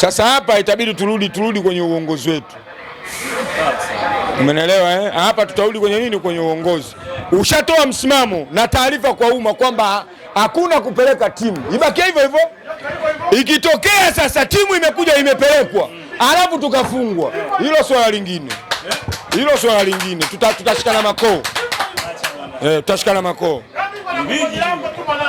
Sasa hapa itabidi turudi turudi kwenye uongozi wetu, umeelewa eh? Hapa tutarudi kwenye nini? Kwenye uongozi. Ushatoa msimamo na taarifa kwa umma kwamba hakuna kupeleka timu, ibakia hivyo hivyo. Ikitokea sasa timu imekuja imepelekwa, alafu tukafungwa, hilo swala lingine, hilo swala lingine, tutashikana makoo, eh, tutashikana makoo,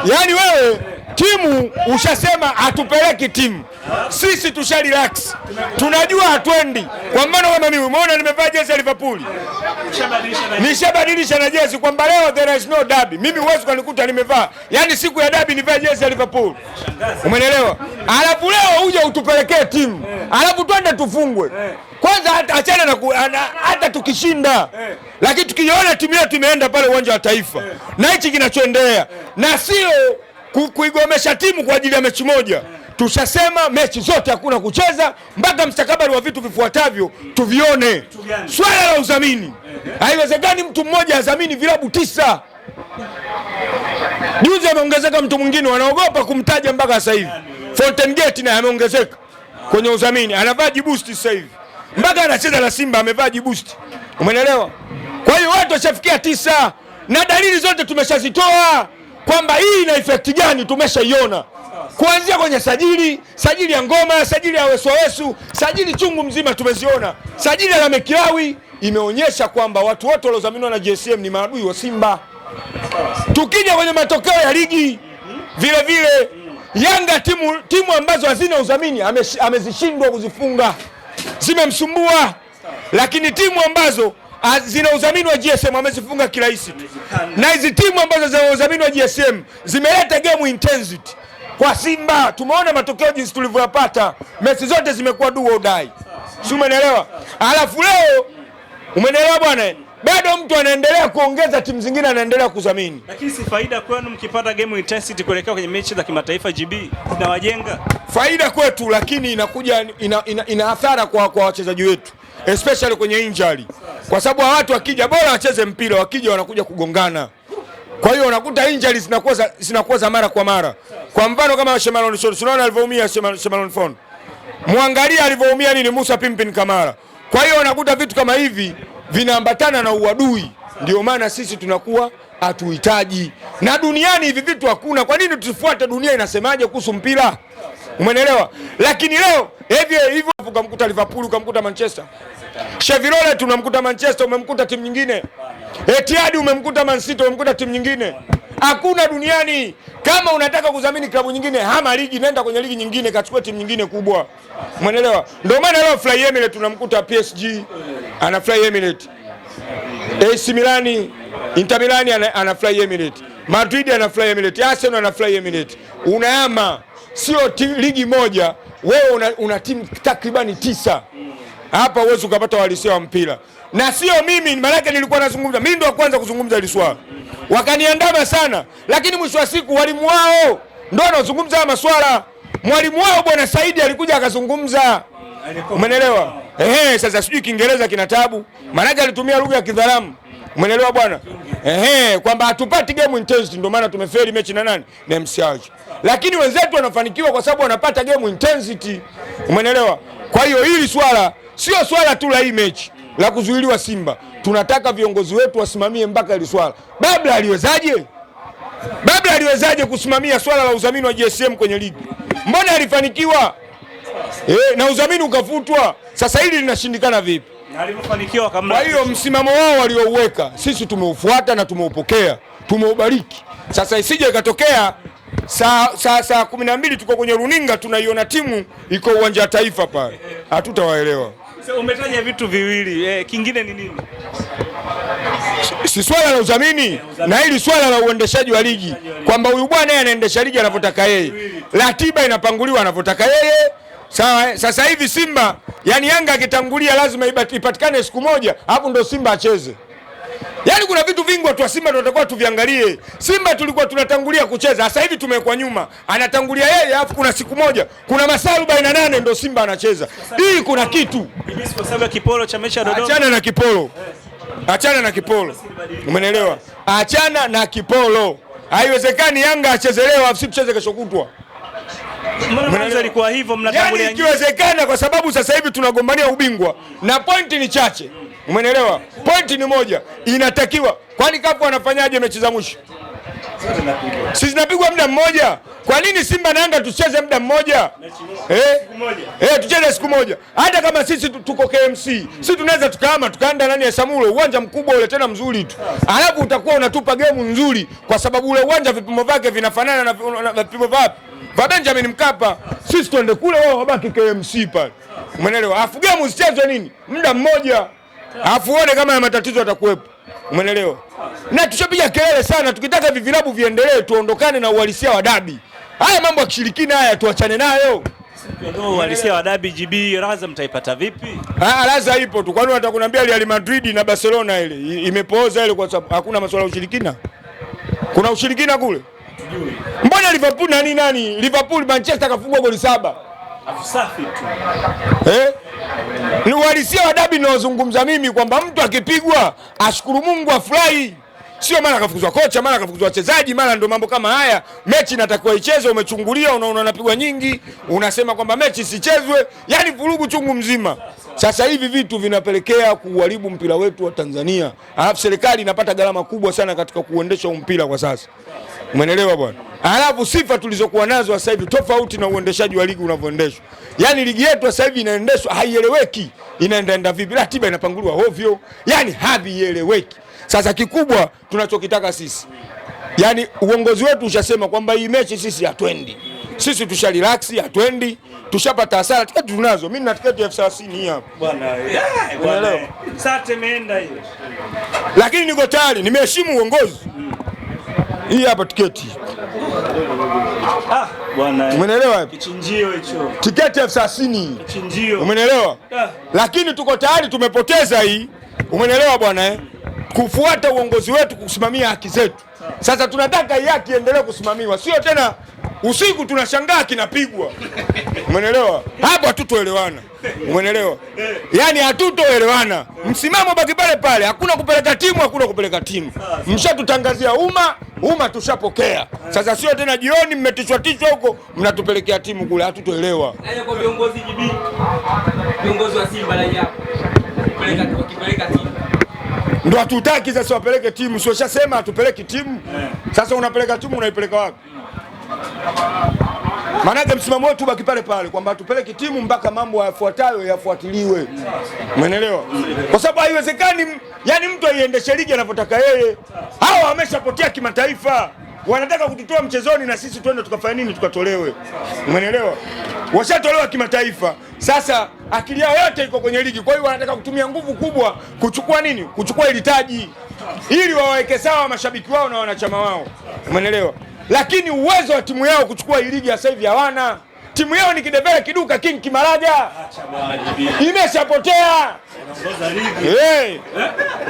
yaani wewe timu ushasema hatupeleki timu, sisi tusha relax, tunajua hatwendi Kwa mfano kama mimi, umeona nimevaa jezi ya Liverpool, nishabadilisha na jezi kwamba leo there is no derby. Mimi huwezi kunikuta nimevaa, yani siku ya derby nivaa jezi ya Liverpool, umeelewa? Alafu leo uje utupelekee timu, alafu twende tufungwe kwanza achana na hata tukishinda Lakini tukiona timu yetu imeenda pale uwanja wa Taifa Na hichi kinachoendelea Na sio kuigomesha timu kwa ajili ya mechi moja. Tushasema mechi zote hakuna kucheza mpaka mstakabali wa vitu vifuatavyo tuvione. Swala la udhamini, eh. haiwezekani mtu mmoja adhamini vilabu tisa. Juzi ameongezeka mtu mwingine, wanaogopa kumtaja mpaka sasa hivi. Fountain Gate naye ameongezeka kwenye udhamini, anavaa jibusti sasa hivi, mpaka anacheza na Simba amevaa jibusti, umeelewa? Kwa hiyo watu washafikia tisa na dalili zote tumeshazitoa kwamba hii ina efekti gani, tumeshaiona kuanzia kwenye sajili, sajili ya ngoma, sajili ya wesuawesu, sajili chungu mzima tumeziona. Sajili ya lamekilawi imeonyesha kwamba watu wote waliozaminiwa na gsm ni maadui wa Simba. Tukija kwenye matokeo ya ligi vilevile vile, Yanga timu, timu ambazo hazina udhamini amezishindwa kuzifunga, zimemsumbua, lakini timu ambazo Ah, zina udhamini wa GSM amezifunga kirahisi tu, na hizi timu ambazo zina udhamini wa GSM zimeleta game intensity kwa Simba. Tumeona matokeo jinsi tulivyoyapata, mechi zote zimekuwa do or die, si umeelewa? Alafu leo umeelewa bwana, bado mtu anaendelea kuongeza, timu zingine anaendelea kudhamini. Lakini si faida kwenu mkipata game intensity kuelekea kwenye mechi za kimataifa GB zinawajenga faida kwetu, lakini inakuja ina, ina, ina, ina athara kwa, kwa wachezaji wetu especially kwenye injury, kwa sababu wa watu wakija bora wacheze mpira, wakija wanakuja kugongana. Kwa hiyo unakuta injury zinakuwa zinakuwa za mara kwa mara. Kwa mfano kama Shemalon Shon, unaona alivyoumia Shemalon Fon, muangalia alivyoumia nini Musa Pimpin Kamara. Kwa hiyo unakuta vitu kama hivi vinaambatana na uadui, ndio maana sisi tunakuwa hatuhitaji na duniani hivi vitu hakuna. Kwa nini tusifuate dunia inasemaje kuhusu mpira? Umenelewa? Lakini leo hivyo hivyo ukamkuta Liverpool, ukamkuta Manchester. Chevrolet tunamkuta Manchester, umemkuta timu nyingine. Etihad umemkuta Man City, umemkuta timu nyingine. Hakuna duniani. Kama unataka kudhamini klabu nyingine, hama ligi, nenda kwenye ligi nyingine, kachukua timu nyingine kubwa. Umenelewa? Ndio maana leo Fly Emirates tunamkuta PSG ana Fly Emirates. AC Milan, Inter Milan ana, ana Fly Emirates. Madrid ana Fly Emirates. Arsenal ana Fly Emirates. Unaama sio ligi moja, wewe una, una timu takribani tisa hapa uwezi ukapata walisia wa mpira, na sio mimi. Maanake nilikuwa nazungumza mimi, ndo wa kwanza kuzungumza hili swala, wakaniandama sana, lakini mwisho wa siku walimu wao ndo wanazungumza maswala. Mwalimu wao bwana Saidi alikuja akazungumza, umenelewa? Ehe, sasa sijui Kiingereza kina tabu, maanake alitumia lugha ya kidhalamu, umenelewa bwana. Ehe, kwamba hatupati game intensity ndio maana tumefeli mechi na nani? Na MCH. Lakini wenzetu wanafanikiwa kwa sababu wanapata game intensity. Umeelewa? Kwa hiyo hili swala sio swala tu la hii mechi la kuzuiliwa Simba. Tunataka viongozi wetu wasimamie mpaka hili swala. Babla aliwezaje? Babla aliwezaje kusimamia swala la udhamini wa GSM kwenye ligi? Mbona alifanikiwa? e, na udhamini ukafutwa. Sasa hili linashindikana vipi? Kwa hiyo msimamo wao waliouweka sisi tumeufuata na tumeupokea, tumeubariki. Sasa isije ikatokea saa saa saa kumi na mbili tuko kwenye runinga tunaiona timu iko uwanja wa Taifa pale, hatutawaelewa. Umetaja vitu viwili eh, kingine ni nini? Si swala la udhamini na hili swala la uendeshaji wa ligi, kwamba huyu bwana yeye anaendesha ligi anavyotaka yeye, ratiba inapanguliwa anavyotaka yeye Sawa, eh? sasa hivi Simba yani Yanga akitangulia lazima ipatikane siku moja, hapo ndo Simba acheze. Yaani kuna vitu vingi watu wa Simba tunatakiwa tuviangalie. Simba tulikuwa tunatangulia kucheza, sasa hivi tumekuwa nyuma. Anatangulia yeye, alafu kuna siku moja, kuna masaa arobaini na nane ndo Simba anacheza. Hii kuna kitu. cha Dodoma. Achana na kipolo, eh. achana na kipolo, umenielewa? Achana na kipolo, haiwezekani Yanga acheze leo afu tucheze kesho kutwa mwanzo ilikuwa hivyo, mnatangulia yani ikiwezekana, kwa sababu sasa hivi tunagombania ubingwa na pointi ni chache, umeelewa? Pointi ni moja inatakiwa. Kwani kafu wanafanyaje mechi za mwisho? Sisi zinapigwa muda mmoja? Kwa nini Simba na Yanga tucheze muda mmoja Mechi moja. eh? Eh, tucheze siku moja. Hata kama sisi tuko KMC, sisi tunaweza tukaama tukaenda ndani ya Samulo, uwanja mkubwa ule tena mzuri tu, alafu utakuwa unatupa game nzuri, kwa sababu ule uwanja vipimo vyake vinafanana na vipimo vapi va Benjamin Mkapa, sisi twende kule, wao wabaki KMC pale, umeelewa? Afu game usichezwe nini muda mmoja, afu uone kama ya matatizo yatakuwepo, umeelewa? Na tushapiga kelele sana, tukitaka vivilabu viendelee, tuondokane na uhalisia wa dabi. Haya mambo ya kishirikina haya tuachane nayo. Uhalisia wa dabi GB, Raza mtaipata vipi? Ah, Raza ipo tu. Kwani watakunambia Real Madrid na Barcelona ile imepooza ile, kwa sababu hakuna masuala ya ushirikina? Kuna ushirikina kule? Mbona Liverpool nani nani, Liverpool Manchester kafungwa goli saba Afsafi tu. eh? Ni uhalisia wa dabi ninaozungumza mimi kwamba mtu akipigwa ashukuru Mungu afurahi, sio mara kafukuzwa kocha, mara kafukuzwa wachezaji, mara ndio mambo kama haya. Mechi inatakiwa ichezwe, umechungulia, unaona unapigwa nyingi, unasema kwamba mechi sichezwe, yani vurugu chungu mzima. Sasa hivi vitu vinapelekea kuharibu mpira wetu wa Tanzania, alafu serikali inapata gharama kubwa sana katika kuendesha mpira kwa sasa. Umeelewa bwana? Alafu sifa tulizokuwa nazo sasa hivi tofauti na uendeshaji wa ligi unavyoendeshwa. Yaani ligi yetu sasa hivi inaendeshwa haieleweki, inaendaenda vipi? Ratiba inapanguliwa ovyo, yaani haieleweki. Sasa kikubwa tunachokitaka sisi, yaani uongozi wetu ushasema kwamba hii mechi sisi hatwendi, sisi tusha relax, hatwendi, tushapata hasara. Tiketi tunazo, mimi na tiketi elfu thelathini hapa bwana, eh, bwana, eh, sasa tumeenda hiyo, lakini niko tayari, nimeheshimu uongozi mm. Hii hapa tiketi. Ah, Kichinjio hicho. Tiketi elfu Kichinjio. Umeelewa? Ah. Lakini tuko tayari tumepoteza hii. Umeelewa bwana eh? Kufuata uongozi wetu kusimamia haki zetu. Sasa tunataka haki iendelee kusimamiwa. Sio tena usiku tunashangaa kinapigwa, umenelewa? Hapo hatutoelewana, umenelewa? Yani hatutoelewana, msimamo baki pale pale, hakuna kupeleka timu, hakuna kupeleka timu. Mshatutangazia umma, umma tushapokea. Sasa sio tena jioni mmetishwa tishwa huko, mnatupelekea timu kule, hatutoelewa. ndo hatutaki sasa wapeleke timu, sioshasema hatupeleki timu. Eh. Sasa unapeleka timu, unaipeleka wapi? Maanake msimamo wetu baki pale pale kwamba tupeleke timu mpaka mambo yafuatayo yafuatiliwe, umeelewa? Kwa sababu haiwezekani, yani mtu aiendeshe ligi anavyotaka yeye. Hawa wameshapotea kimataifa, wanataka kututoa mchezoni na sisi twende tukafanya nini? Tukatolewe, umeelewa? Washatolewa kimataifa, sasa akili yao yote iko kwenye ligi. Kwa hiyo wanataka kutumia nguvu kubwa kuchukua nini? Kuchukua ili taji, ili wawaweke sawa mashabiki wao na wanachama wao, umeelewa? lakini uwezo wa timu yao kuchukua ligi sasa hivi hawana. Timu yao ni kidevele kiduka king kimaraja, imeshapotea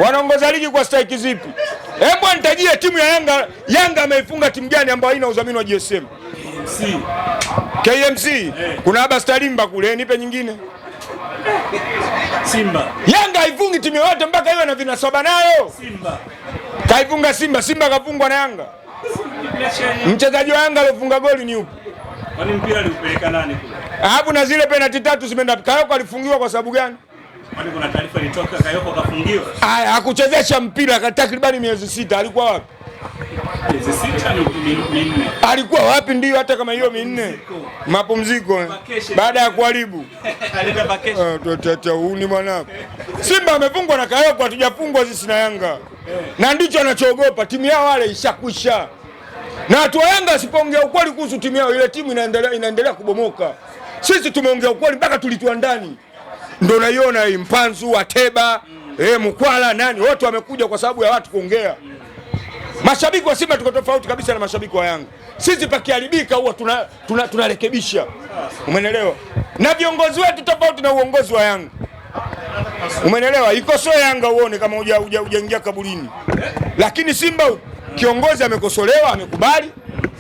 Wanaongoza ligi eh? kwa staiki zipi? Hebu nitajie timu ya Yanga. Yanga ameifunga timu gani ambayo haina udhamini wa GSM? KMC, KMC. Hey. Eh. Kuna haba starimba kule, nipe nyingine Simba. Yanga haifungi timu yoyote mpaka iwe na vinasaba nayo. Simba kaifunga Simba, Simba kafungwa na Yanga. Mchezaji wa Yanga alifunga goli ni yupi? Kwani mpira alipeleka nani kule? Alafu na zile penalti tatu zimeenda. Kayoko alifungiwa kwa sababu gani? Kwani kuna taarifa ilitoka Kayoko kafungiwa? Haya, hakuchezesha mpira kwa takribani miezi sita. Alikuwa wapi? Miezi sita minne. Alikuwa wapi? Ndio, hata kama hiyo minne mapumziko, eh. baada ya kuharibu ah, ni mwanako. Simba amefungwa na Kayoko, hatujafungwa sisi na Yanga, eh. na ndicho anachoogopa timu yao, wale ishakwisha na wa Yanga asipoongea ukweli kuhusu timu yao, ile timu inaendelea, inaendelea kubomoka. Sisi tumeongea ukweli mpaka tulitua ndani, ndio naiona hii Mpanzu, Ateba, mm. eh, Mkwala, nani wote wamekuja kwa sababu ya watu kuongea. Mashabiki wa Simba tuko tofauti kabisa na mashabiki wa Yanga. Sisi pakiharibika huwa tunarekebisha, tuna, tuna umenelewa, na viongozi wetu tofauti na uongozi wa Yanga, umenelewa. Ikosoe Yanga uone kama hujaingia kaburini, lakini Simba Kiongozi amekosolewa, amekubali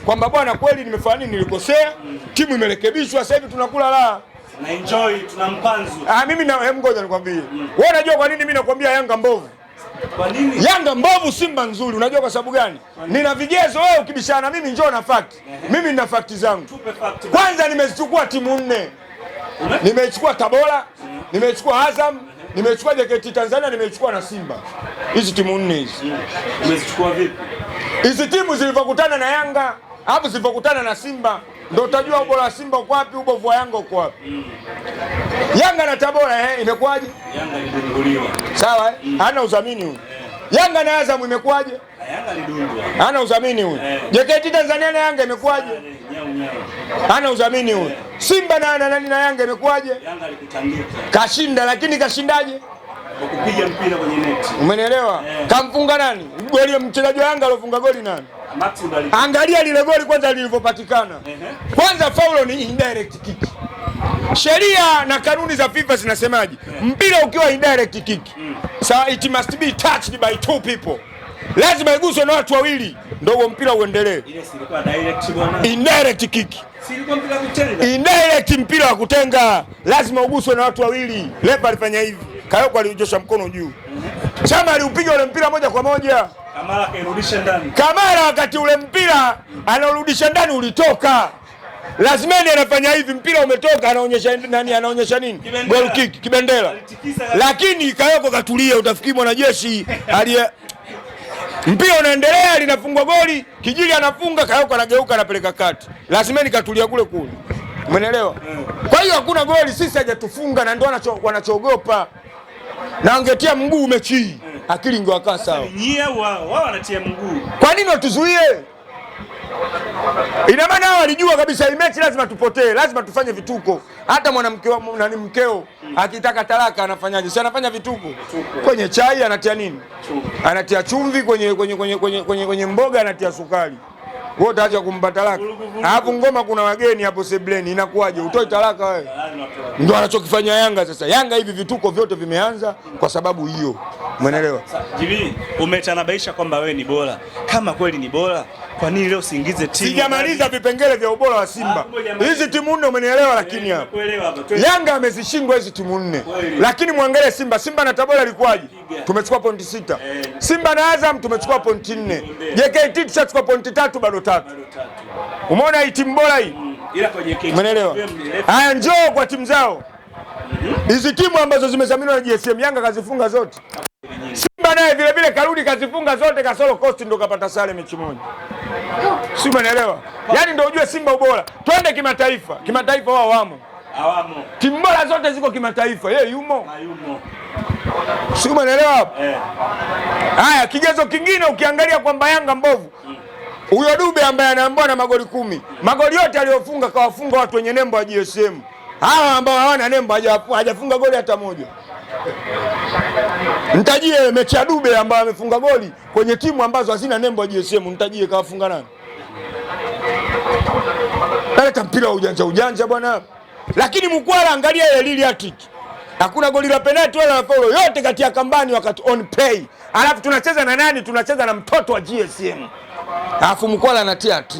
kwamba bwana, kweli nimefanya nini, nilikosea, timu imerekebishwa, sasa hivi tunakula raha na enjoy, tuna mpanzu. Ah, mimi na hem, ngoja nikwambie. Mm. Wewe unajua kwa nini mimi nakwambia Yanga mbovu? Kwa nini? Yanga mbovu, Simba nzuri. Unajua kwa sababu gani? Nina vigezo, wewe ukibishana na mimi njoo na fact. Mimi nina fact zangu. Kwanza nimezichukua timu nne. Nimechukua Tabora, mm. nimechukua Azam, nimechukua JKT Tanzania, nimechukua na Simba. Hizi timu nne hizi. Mm. Umezichukua vipi? Hizi timu zilivyokutana na Yanga hapo zilivyokutana na Simba ndio utajua ubora wa Simba uko wapi, ubovu wa Yanga uko wapi. Mm. Yanga na Tabora eh, imekuwaje? Yanga ilidunguliwa. Sawa eh? Mm. Hana udhamini huyu. Yeah. Yanga na Azam imekuwaje? Yanga ilidungwa. Hana udhamini huyu. Yeah. JKT Tanzania na Yanga imekuwaje? Eh, Hana udhamini huyu. Yeah. Simba na nani na Yanga imekuwaje? Yanga alikutandika. Kashinda lakini kashindaje? kupiga mpira kwenye neti. Umenielewa? Yeah. Kamfunga nani? Goli mchezaji wa Yanga alofunga goli nani? Angalia lile goli kwanza lilivyopatikana. Uh -huh. Kwanza faulo ni indirect kick. Sheria na kanuni za FIFA zinasemaje? Yeah. Mpira ukiwa indirect kick. Mm. So it must be touched by two people. Lazima iguswe na watu wawili ndio huo mpira uendelee. Ile si direct bwana. Indirect kick. Si mpira kutenga. Indirect mpira wa kutenga. Lazima uguswe na watu wawili. Lepa alifanya hivi. Kayoko aliunyosha mkono juu, Chama aliupiga ule mpira moja kwa moja, Kamara akairudisha ndani. Kamara wakati ule mpira anaurudisha ndani ulitoka Lazimeni anafanya hivi, mpira umetoka, anaonyesha nani? Anaonyesha nini? Goal kick, kibendera. Lakini Kayoko katulia, utafikiri mwanajeshi aliye mpira unaendelea, linafungwa goli, kijili anafunga, Kayoko anageuka, anapeleka kati. Lazimeni katulia kule kule, umeelewa? Eh. Kwa hiyo hakuna goli, sisi hajatufunga, na ndio wanachoogopa na angetia mguu mechi akili ingewakaa sawa. Wao wanatia mguu, kwa nini watuzuie? Ina maana hao walijua kabisa hii mechi lazima tupotee, lazima tufanye vituko. Hata mwanamke na mkeo akitaka talaka anafanyaje? Si anafanya vituko kwenye chai, anatia nini? Anatia chumvi kwenye, kwenye, kwenye, kwenye, kwenye, kwenye mboga anatia sukari wote, acha kumpa talaka. Alafu ngoma kuna wageni hapo sebleni, inakuwaje? Utoi talaka wewe? ndo anachokifanya Yanga sasa. Yanga hivi vituko vyote vimeanza kwa sababu hiyo, umeelewa? Jibi, umetanabaisha kwamba wewe ni bora. Kama kweli ni bora, kwa nini leo siingize timu? Sijamaliza vipengele vya ubora wa Simba. Ah, hizi timu nne, umenielewa? Lakini yaani hapo Yanga amezishindwa hizi timu nne, lakini mwangalie Simba. Simba na Tabora ilikuwaje? Tumechukua pointi sita. Eh. Simba na Azam tumechukua pointi nne. JKT tushachukua pointi tatu, bado tatu. Umeona hii timu bora hii? Mwenelewa? Haya, njoo kwa timu zao mhm. hizi, timu ambazo zimezaminiwa na GSM. Yanga kazifunga zote, Simba naye vile vile karudi kazifunga zote, kasoro Coast ndo kapata sare mechi moja, si umeelewa? Yaani ndo ujue Simba ubora. Twende kimataifa, kimataifa wao wamo Hawamo. Timu bora zote ziko kimataifa. Yeye yumo. Hayumo. Si umeelewa Eh. Haya, kigezo kingine ukiangalia kwamba Yanga mbovu. Huyo Dube ambaye anaambiwa na magoli kumi, magoli yote aliyofunga kawafunga watu wenye nembo ya GSM. Hawa ambao hawana nembo hajafunga goli hata moja. Nitajie mechi ya Dube ambaye amefunga goli kwenye timu ambazo hazina nembo ya GSM, nitajie kawafunga nani? Aleta mpira wa ujanja ujanja bwana. Lakini Mkwala, angalia ile lili hattrick. Hakuna goli la penalty wala la faulu yote kati ya kambani wakati on play. Alafu tunacheza na nani? Tunacheza na mtoto wa GSM alafu mkwala anatia tu,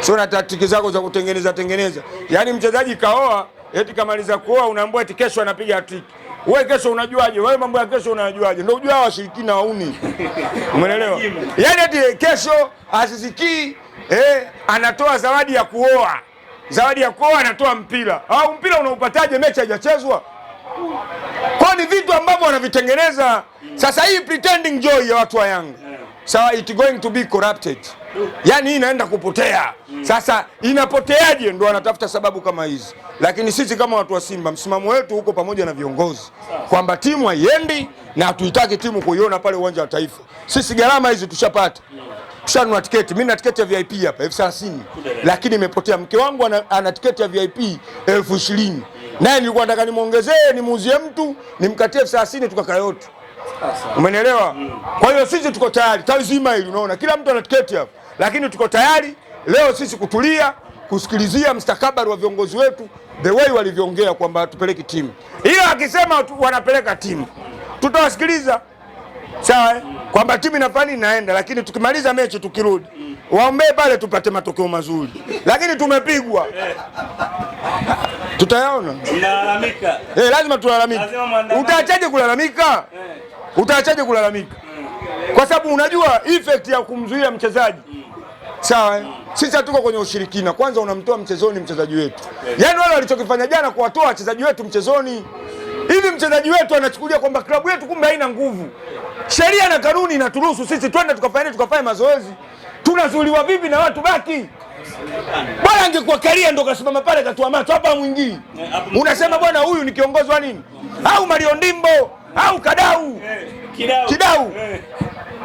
sio na taktiki zako za kutengeneza tengeneza. Yaani mchezaji kaoa, eti kamaliza kuoa unaambua eti kesho anapiga hatiki. Wewe kesho unajuaje? Wewe mambo ya kesho unajuaje? Ndio ujua washirikina wauni. Umeelewa? Yaani eti kesho asisikii eh, anatoa zawadi ya kuoa. Zawadi ya kuoa anatoa mpira. Au mpira unaupataje mechi haijachezwa? Kwa ni vitu ambavyo wanavitengeneza. Sasa hii pretending joy ya watu wa Yanga sawa, so it going to be corrupted, yani hii inaenda kupotea. Sasa inapoteaje? Ndo anatafuta sababu kama hizi, lakini sisi kama watu wa Simba msimamo wetu huko pamoja na viongozi kwamba timu haiendi na hatuitaki timu kuiona pale uwanja wa Taifa. Sisi gharama hizi tushapata Tushanunua tiketi. Mimi na tiketi ya VIP hapa elfu thelathini lakini imepotea. Mke wangu ana, ana tiketi ya VIP elfu ishirini naye nilikuwa nataka nimwongezee nimuuzie mtu nimkatie elfu thelathini tukakaa yote. Umenielewa? Mm. Kwa hiyo sisi tuko tayari, tawi zima hili unaona kila mtu ana tiketi hapo, lakini tuko tayari leo sisi kutulia kusikilizia mstakabali wa viongozi wetu the way walivyoongea kwamba tupeleke timu, ila akisema wanapeleka timu tutawasikiliza sawa, eh? mm. kwamba timu inafani inaenda, lakini tukimaliza mechi tukirudi mm. waombee pale tupate matokeo mazuri, lakini tumepigwa tutayaona. Mnalalamika eh, lazima tulalamike. Utaachaje kulalamika eh? utaachaje kulalamika? Kwa sababu unajua effect ya kumzuia mchezaji sawa. Eh? Sisi hatuko kwenye ushirikina. Kwanza unamtoa mchezoni mchezaji wetu, yaani wale walichokifanya jana kuwatoa wachezaji wetu mchezoni hivi mchezaji wetu anachukulia kwamba klabu yetu kumbe haina nguvu. Sheria na kanuni inaturuhusu sisi twende tukafanye tukafanye mazoezi, tunazuliwa vipi na watu baki? Bwana angekuwa Karia ndo kasimama pale katoa macho hapa, mwingii eh, unasema bwana, huyu ni kiongozi wa nini? Au Mario Ndimbo au kadau kidau, kidau. Eh.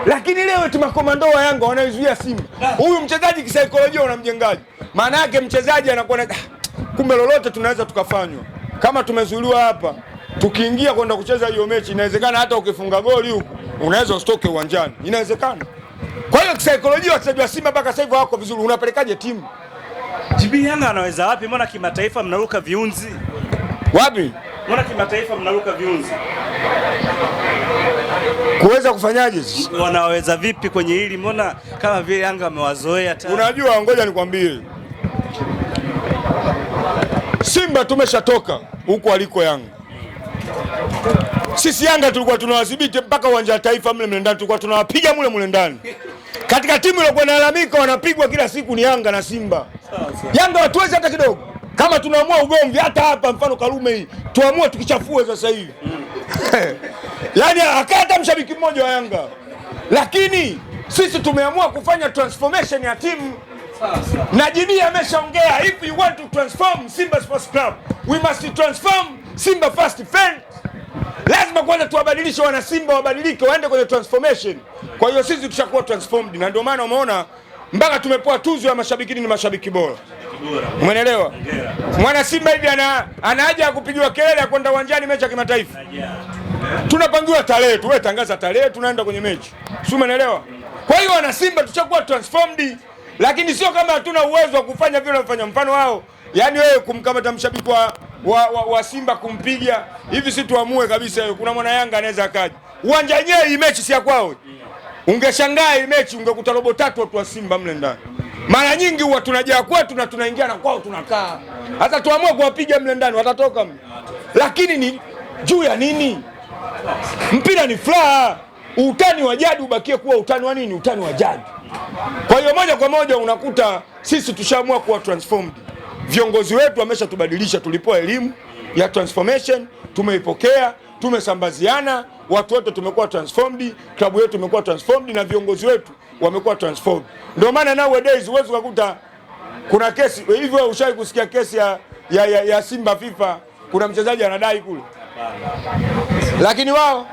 Lakini leo eti makomando wa Yanga wanaizuia Simba. Ah. Huyu mchezaji kisaikolojia unamjengaji Maana yake mchezaji anakuwa na ah, kumbe, lolote tunaweza tukafanywa. Kama tumezuiliwa hapa, tukiingia kwenda kucheza hiyo mechi, inawezekana hata ukifunga goli huko unaweza usitoke uwanjani, inawezekana. Kwa hiyo kisaikolojia wachezaji wa Simba mpaka sasa hivi hawako vizuri. Unapelekaje timu jibi? Yanga anaweza wapi? Mbona kimataifa mnaruka viunzi wapi? Mbona kimataifa mnaruka viunzi? Kuweza kufanyaje sisi? Wanaweza vipi kwenye hili? Mbona kama vile Yanga amewazoea tayari. Unajua, ngoja nikwambie, Simba tumeshatoka huko aliko Yanga. Sisi Yanga tulikuwa tunawadhibiti mpaka uwanja wa Taifa mle mle ndani, tulikuwa tunawapiga mule mule ndani. Katika timu iliyokuwa inalalamika wanapigwa kila siku ni Yanga na Simba. Yanga watuwezi hata kidogo. Kama tunaamua ugomvi hata hapa, mfano Karume hii tuamue tukichafue sasa hivi yani akaa hata mshabiki mmoja wa Yanga, lakini sisi tumeamua kufanya transformation ya timu na Jimmy ameshaongea, if you want to transform Simba Sports Club we must transform Simba First fan. Lazima kwanza tuwabadilishe wana Simba, wabadilike waende kwenye transformation. Kwa hiyo sisi tushakuwa transformed, na ndio maana umeona mpaka tumepewa tuzo ya mashabiki ni mashabiki bora. Umeelewa? Mwana Simba hivi ana ana haja ya kupigiwa kelele ya kwenda uwanjani mechi ya kimataifa. Tunapangiwa tarehe tu, wewe tangaza tarehe, tunaenda kwenye mechi, si umeelewa? Kwa hiyo wana Simba tushakuwa transformed, lakini sio kama hatuna uwezo wa kufanya vile wanavyofanya. Mfano wao, yaani wewe kumkamata mshabiki wa wa, wa, wa Simba kumpiga hivi, si tuamue kabisa. Kuna mwana Yanga anaweza akaje uwanja wenyewe, hii mechi si ya kwao. Ungeshangaa hii mechi ungekuta robo tatu watu wa Simba mle ndani. Mara nyingi huwa tunajaa kwetu na tunaingia na kwao tunakaa. Hata tuamue kuwapiga mle ndani watatoka mle, lakini ni juu ya nini? Mpira ni furaha. Utani wa jadi ubakie kuwa utani wa nini? Utani wa jadi. Kwa hiyo moja kwa moja unakuta sisi tushaamua kuwa transformed. Viongozi wetu wameshatubadilisha, tulipoa elimu ya transformation, tumeipokea, tumesambaziana, watu wote tumekuwa transformed, klabu yetu imekuwa transformed na viongozi wetu wamekuwa transform. Ndio maana nowadays huwezi kukuta kuna kesi hivyo ushawahi kusikia kesi ya, ya, ya, ya Simba FIFA, kuna mchezaji anadai kule, lakini wao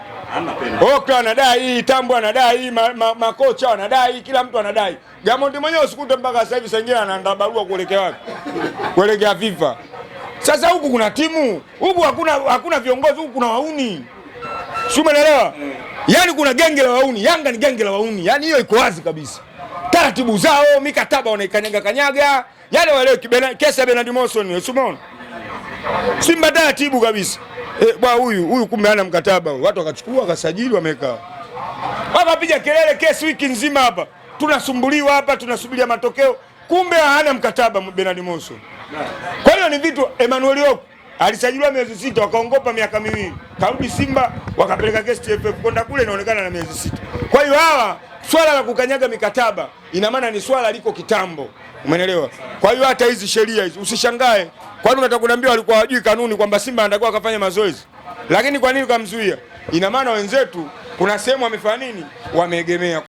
Oka anadai, Tambo anadai, makocha ma, ma kila mtu anadai. Gamondi mwenyewe usikute mpaka sasa hivi sengine anaanda barua kuelekea wapi? Kuelekea FIFA. Sasa huku kuna timu, huku hakuna hakuna viongozi, huku kuna wauni. Si umeelewa? Eh. Yaani kuna genge la wauni, Yanga ni genge la wauni. Yaani hiyo iko wazi kabisa. Taratibu zao, mikataba wanaikanyaga kanyaga. Yaani wale kibena, kesi ya Bernard Morrison, usimuone. Simba taratibu kabisa. Eh, bwa huyu, huyu kumbe hana mkataba. Watu wakachukua, wakasajili, wameka. Wakapiga kelele kesi wiki nzima hapa. Tunasumbuliwa hapa, tunasubiria matokeo. Kumbe hana mkataba Bernard Morrison. Kwa hiyo ni vitu Emmanuel Okwi alisajiliwa miezi sita, wakaongopa miaka miwili, karudi Simba wakapeleka kesi TFF kwenda kule, inaonekana na miezi sita. Kwa hiyo hawa swala la kukanyaga mikataba ina maana ni swala liko kitambo, umeelewa? Kwa hiyo hata hizi sheria hizi usishangae. Kwani unataka kuniambia walikuwa hawajui kanuni kwamba Simba anatakiwa akafanya mazoezi, lakini kwa nini kamzuia? Ina maana wenzetu kuna sehemu wamefanya nini, wameegemea.